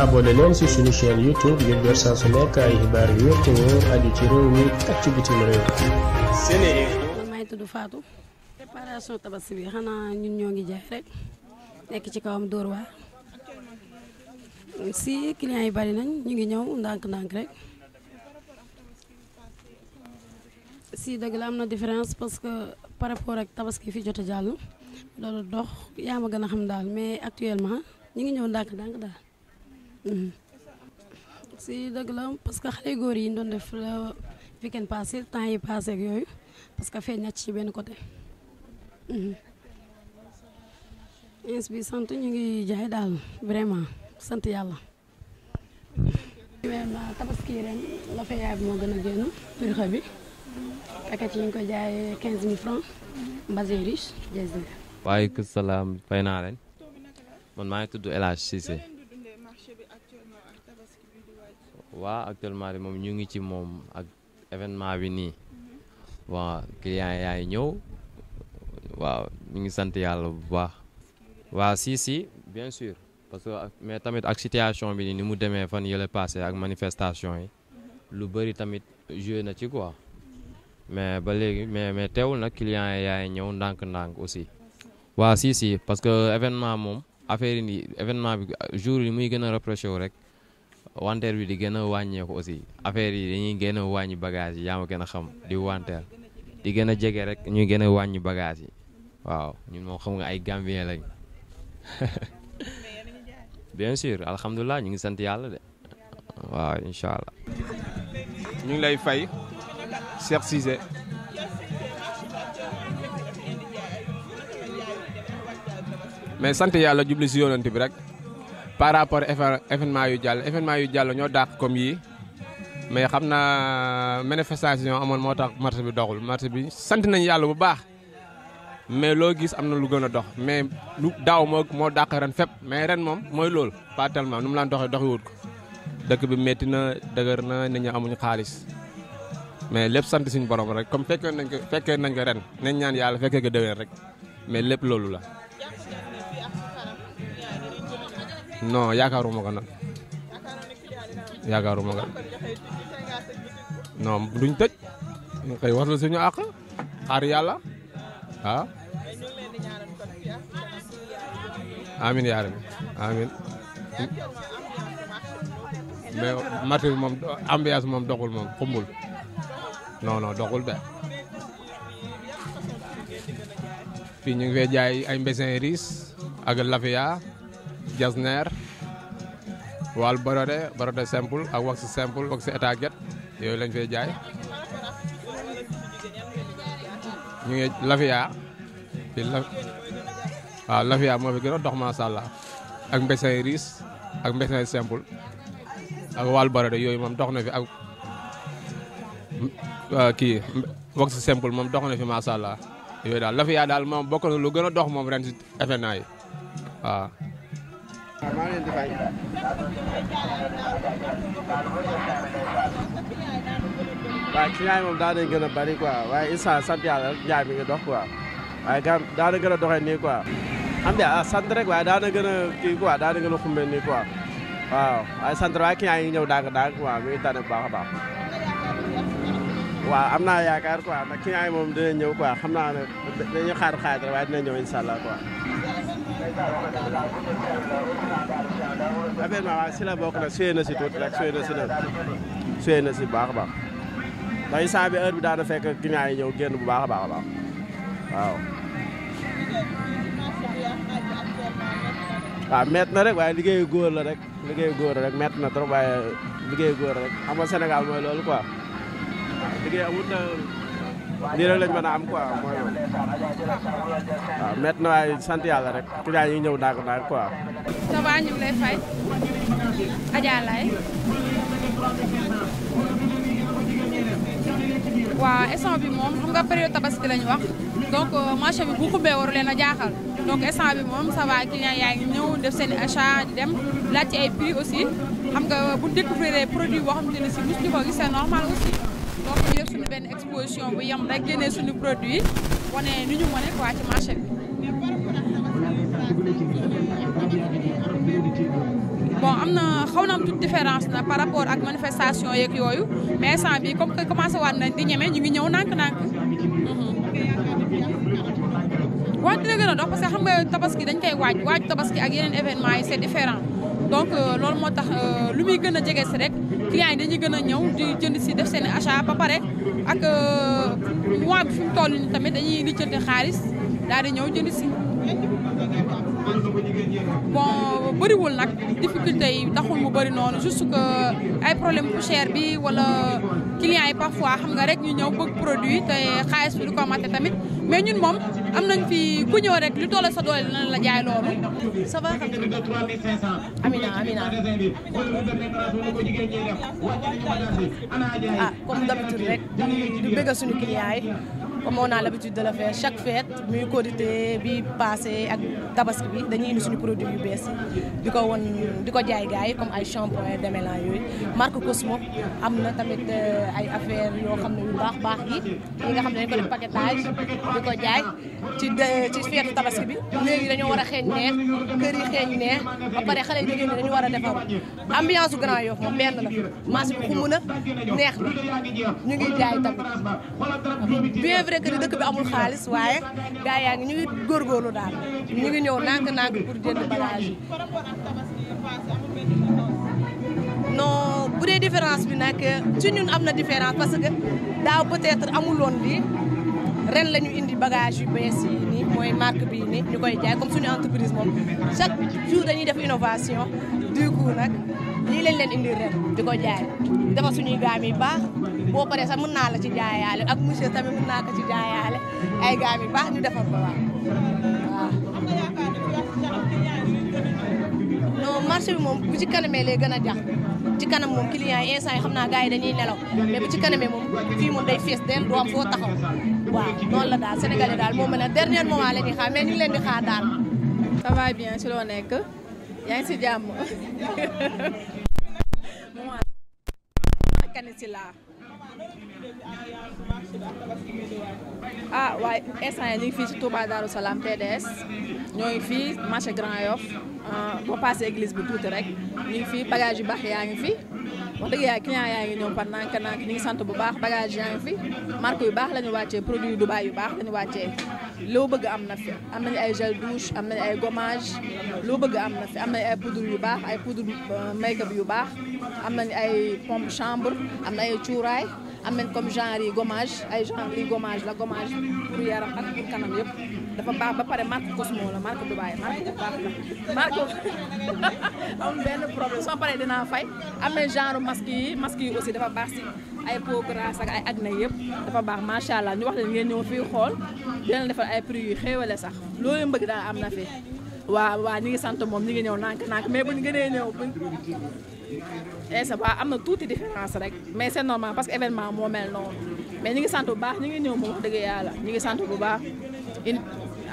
abonné leen ci suñu chaîne YouTube ngir jot su nekk yu wér te wóor aju ci réew mi ak ci bitim réew. man maa ngi tudd faatu préparation tabaski bi xanaa ñun ñoo ngi jaay rek nekk ci kawam Dóor waar si clients yi bari nañ ñu ngi ñëw ndànk-ndànk si dëgg la am na différence parce que par rapport ak tabaski fi jot a jàll loolu dox yaa ma gën xam daal mais actuellement ñu ngi ñëw ndànk-ndànk daal. si dëgg la parce que xale góor yi ñu doon def la weekend passé yi passé ak yooyu parce que feeñ na ci benn côté. Mm-hmm. ins bi sant ñu ngi jaay daal vraiment sant yàlla. même ah, tabaski ren la fa yaay bi moo gën a génn purxa bi paquet yi ñu ngi koy jaayee quinze francs basé riche jazz waaye kër salaam fay man maa ngi tudd El waa actuellement de moom ñu ngi ci moom ak événement bi nii mm-hmm. waaw client yaay ñëw waaw ñu ngi sant yàlla bu baax waa si si bien sûr parce que mais tamit ak situation bi nii ni mu demee fan yële passé ak manifestation yi mm-hmm. lu bëri tamit joué na ci quoi mais ba léegi mais mais teewul nag client yaay ñëw ndànk-ndànk aussi waa si si parce que événement moom affaire yi nii événement bi jour yi muy gën a rapproché wu rek wanteer bi di gën a wàññeeku aussi affaire yi dañuy gën a wàññi bagage yi yaa gën a xam di wanteer di gën a jege rek ñuy gën a wàññi bagage yi waaw ñun moom xam nga ay Gambien lañ bien sûr alhamdulilah ñu ngi sant yàlla de waaw incha allah. ñu ngi lay fay Cheikh Cissé. mais sant yàlla jubli si yoonante bi rek. par rapport événement yu jàll événement yu jàll ñoo dàq comme yii mais xam naa manifestation amoon moo tax marché bi doxul marché bi sant nañ yàlla bu baax mais loo gis am na lu gën a dox mais lu daaw moo moo dàq ren fépp mais ren moom mooy loolu pas nu mu laan doxee doxiwut ko dëkk bi métti na dëgër na nit ñi amuñu xaalis mais lépp sant suñu borom rek comme fekkee nañ ko fekkee nañ ko ren nañ ñaan yàlla fekkee ko déwén rek mais lépp loolu la non yaakaaruma ko nag yaakaaruma ko non duñ tëj ñu koy wax la xaar yàlla ah amin yaa rabbi amin mais matir moom ambiance moom doxul moom xumbul non non doxul de fii ñu ngi fee jaay ay mbesin riis ak lafiya jasner wal borode borode simple ak wax simple wax état get yooyu lañ fay jaay ñu ngi lafiya fi la waaw lafiya moo fi gën a dox macha allah ak mbesin riis ak mbesin simple ak wal borode yooyu moom dox na fi ak ah, kii wax simple moom dox na fi macha yooyu daal lafiya daal moom bokk lu gën a dox moom ren si FNA waaw maa ngi leen moom daa day gën a bari quoi waaye instant sant yàlla rek jaay mi ngi dox quoi waaye gaa daa na gën a doxee nii quoi. am na ah sant rek waaye daa gën a kii quoi daa gën a xumbee nii quoi waaw waaye sant waaye client yi ñëw daang daang quoi mi tane bu baax a am naa yaakaar quoi ndax client yi moom dina ñëw quoi xam naa ne dañuy xaar xaar waaye dina ñëw incha allah affaire bi waaw si bokk nag suyee na si tuuti rek suyee na si nag suyee na si bu baax a baax ndax instant bi heure daana fekk client yi ñëw génn bu baax baax a baax waaw. waaw métti na rek waaye liggéeyu góor la rek liggéeyu góor rek métti na trop waaye liggéeyu góor rek xam nga mooy loolu quoi liggéey amul na. nii rek lañ mën a am quoi mooy loolu waaw waaye sant yàlla rek client yi ñëw ndànk ndànk quoi. ça va ñu fay. Adja waaw instant bi moom xam nga période tabaski wax donc euh, marché bi bu xubbee waru leen a jaaxal donc instant bi moom ça va client yaa ñëw def seen i dem laaj ci ay aussi xam nga bu découvrir produit boo si musuñu ko gis normal aussi. donc ñu def suñu benn exposition bu yem rek génnee suñu produit wane ni ñu mën quoi ci marché bi. bon am na xaw na am toute différence na par rapport ak manifestation yeeg yooyu mais instant bi comme que commencé waat nañ di ñeme ñu ngi ñëw nànk-nànk. Mhm. waaw dina gën a dox parce que xam nga tabaski dañ koy waaj waaj tabaski ak yeneen événement yi c'est différent donc euh, loolu moo tax euh, lu muy gën a jege si rek. clients yi dañuy gën a ñëw di jënd si def seen achat ba pare ak euh, mois bi fi mu toll nii tamit dañuy lijjanti xaalis daal di ñëw jënd si. bon bëriwul nag difficulté yi taxul mu bëri noonu juste que ay problème bu cher bi wala clients yi parfois xam nga rek ñu ñëw bëgg produit te xaalis bi du ko mate tamit mais ñun moom am nañ fi ku ñëw rek lu toll sa doole dinañ la jaay loolu. ça va Amina Amina. ah comme d'habitude rek di bëgg suñu clients yi. comme on a l'habitude de le faire chaque fête muy Korité bi passé ak tabaski bi dañuy indi suñu produit yu bees yi di ko won di ko jaay gars comme ay shampoing démêlant yooyu marque Cosmo am na tamit euh, ay affaire yoo xam ne yu baax baax yi nga xam ne dañ ko def paquetage di ko jaay ci ci feetu tabaski bi a xeeñ neex kër yi xeeñ neex ba pare xale jigéen ñi dañu war a defar ambiance Grand Yoff moom benn la marché bi xumb na neex na ñu ngi jaay tamit vrai dëkk bi amul xaalis waaye ñu góorgóorlu daal ñu ngi ñëw nànk-nànk yi. non bu dee différence bi nag ci ñun am na différence parce que daaw peut-être amul lii ren la indi bagage yu bees yi nii mooy marque bii nii ñu koy jaay comme suñu entreprise moom chaque jour dañuy def innovation du coup nag. lii lañ leen indil ren di ko jaay dafa suñuy gaam yi baax boo paree sax naa la ci jaayaale ak monsieur tamit mën naa ko ci jaayaale ay gaam yi baax ñu defar ko waaw non lay gën a jax ci kanam moom client yi instant ci kanamee la daal sénégalais daal moo mën a dernier moment la ñuy xaar mais ñu ngi leen di xaar daal ça bien ci loo nekk yaa ngi si jàmm. kani si laa. ah waaye instant yii fii ci Touba Darou Salaam ñoo ngi fii marché Grand Yoff ah, boo passé église bi tuuti rek ñu ngi fii bagage yu baax yaa ngi fii wax dëgg yaa client yaa ngi ñëw par nànk-nànk ñu ngi sant bu baax bagage yaa ngi fi marque yu baax la ñu wàccee produit Dubaay yu baax la ñu wàccee. loo bëgg am na fi am nañu ay gel douche am nañu ay gommage loo bëgg am na fi am nañu ay poudre yu baax ay poudre euh, make-up yu baax am nañu ay pompe chambre am na ay cuuraay am nañ comme genre yi gommage ay genre yi gommage la gommage pour yaram ak pour kanam yëpp dafa baax ba pare marque Cosmo la marque Dubaï marque bu baax la marque am benn problème soo paree dinaa fay am nañ genre masque yi masque yi aussi dafa baax si ay peau grasse ak ay acné yëpp dafa baax macha allah ñu wax leen ngeen ñëw fii xool dinañ defal ay prix yu xéewale sax loolu mbëgg daal am na fi. waaw waaw ñi ngi sant moom ñi ngi ñëw nànk nànk mais ñu gënee ñëw buñ esa eh, waaw am na tuuti différence rek mais c'est normal parce que événement moo mel noonu mais ñi ngi sant bu baax ñi ngi ñëw moom wax dëgg yàlla ñi ngi sant bu baax in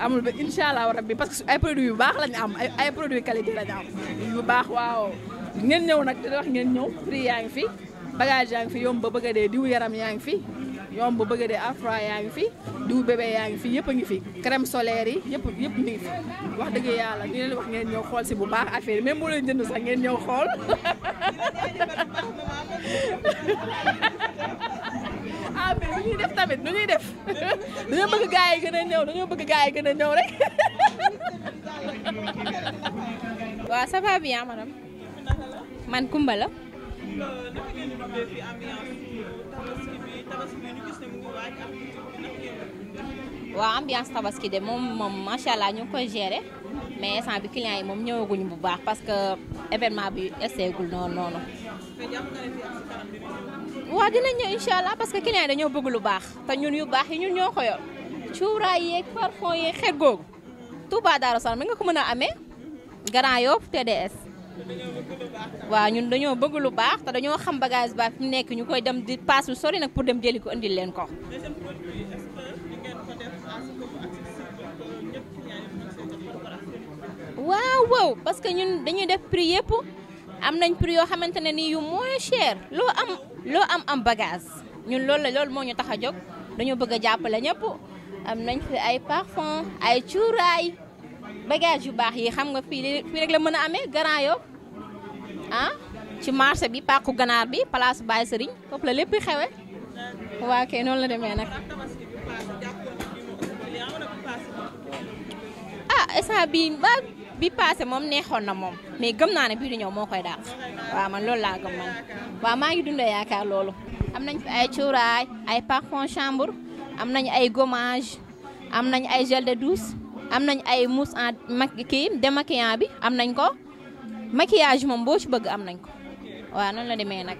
amul ba incha allah bi parce que ay produits yu baax lañ am ay produits qualité lañ am yu baax waaw ngeen ñëw nag di wax ngeen ñëw prix yaa ngi fi bagage yaa ngi fi yomb ba bëgg dee diw yaram yaa ngi fi yomb bëgg de afra yaa ngi fi diw bébé yaa ngi fi yëpp a ngi fi crème solaire yi yëpp yëpp mi fi wax dëgg yàlla ñu leen wax ngeen ñëw xool si bu baax affaire même boo leen jënd sax ngeen ñëw xool ah mais ñuy def tamit lu ñuy def dañoo bëgg gars dañoo bëgg gars yi gën a ñëw rek la waaw ambiance tabaski de moom moom macha allah ñu ngi koy gérer mais instant bi clients yi moom ñëwaguñu bu baax parce que événement bi esseegul noonu noonu. waaw dinañ ñëw incha allah parce que clients yi dañoo bëgg lu baax te ñun yu baax yi ñun ñoo ko yor cuuraay yeeg parfum yeeg xet googu Touba Darou Salaam nga ko mën a ame Grand Yoff TDS. waaw ñun dañoo bëgg lu baax te dañoo xam bagage baax fi nekk ñu koy dem di paas lu sori nag pour dem jëli ko indil leen ko. waaw waaw parce que ñun dañuy def prix yëpp am nañ prix yoo xamante ne nii yu moins cher loo am loo am am bagage ñun loolu la loolu moo ñu tax a jog dañoo bëgg a jàppale ñëpp am nañ fi ay parfum ay cuuraay bagage yu baax yi xam nga fii fii rek la mën a amee Grand Yoff Ah, ci marché bi pàkku ganaar bi place Baye Serigne foofu la lépp xewe waa kay noonu la demee nag ah instant bii ba bi passé moom neexoon na moom mais gëm naa ne bii di ñëw moo koy dàq waaw man loolu laa gëm man waaw maa ngi dundee yaakaar loolu am nañ fi ay cuuraay ay parfum chambre am nañu ay gommage am nañu ay gel de douche am nañu ay mousse en kii démaquillant bi am nañ ko maquillage moom boo ci bëgg am nañ ko waaw noonu la demee nag.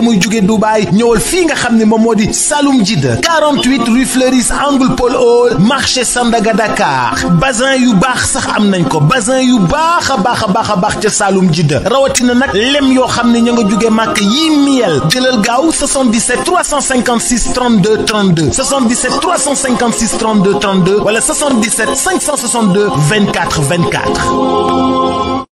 te muy jóge Dubaay ñëwal fii nga xam ne moom moo di Saloum Jidda 48 rue Fleuris angle Paul Hall marché Sandaga Dakar bazin yu baax sax am nañ ko basin yu baax a baax a baax a baax ca saalum Jidda rawatina nag lem yoo xam ne ña nga jóge màkk yii miel jëlal gaaw 77 356 32 32 77 356 32 32 wala 77 562 24 24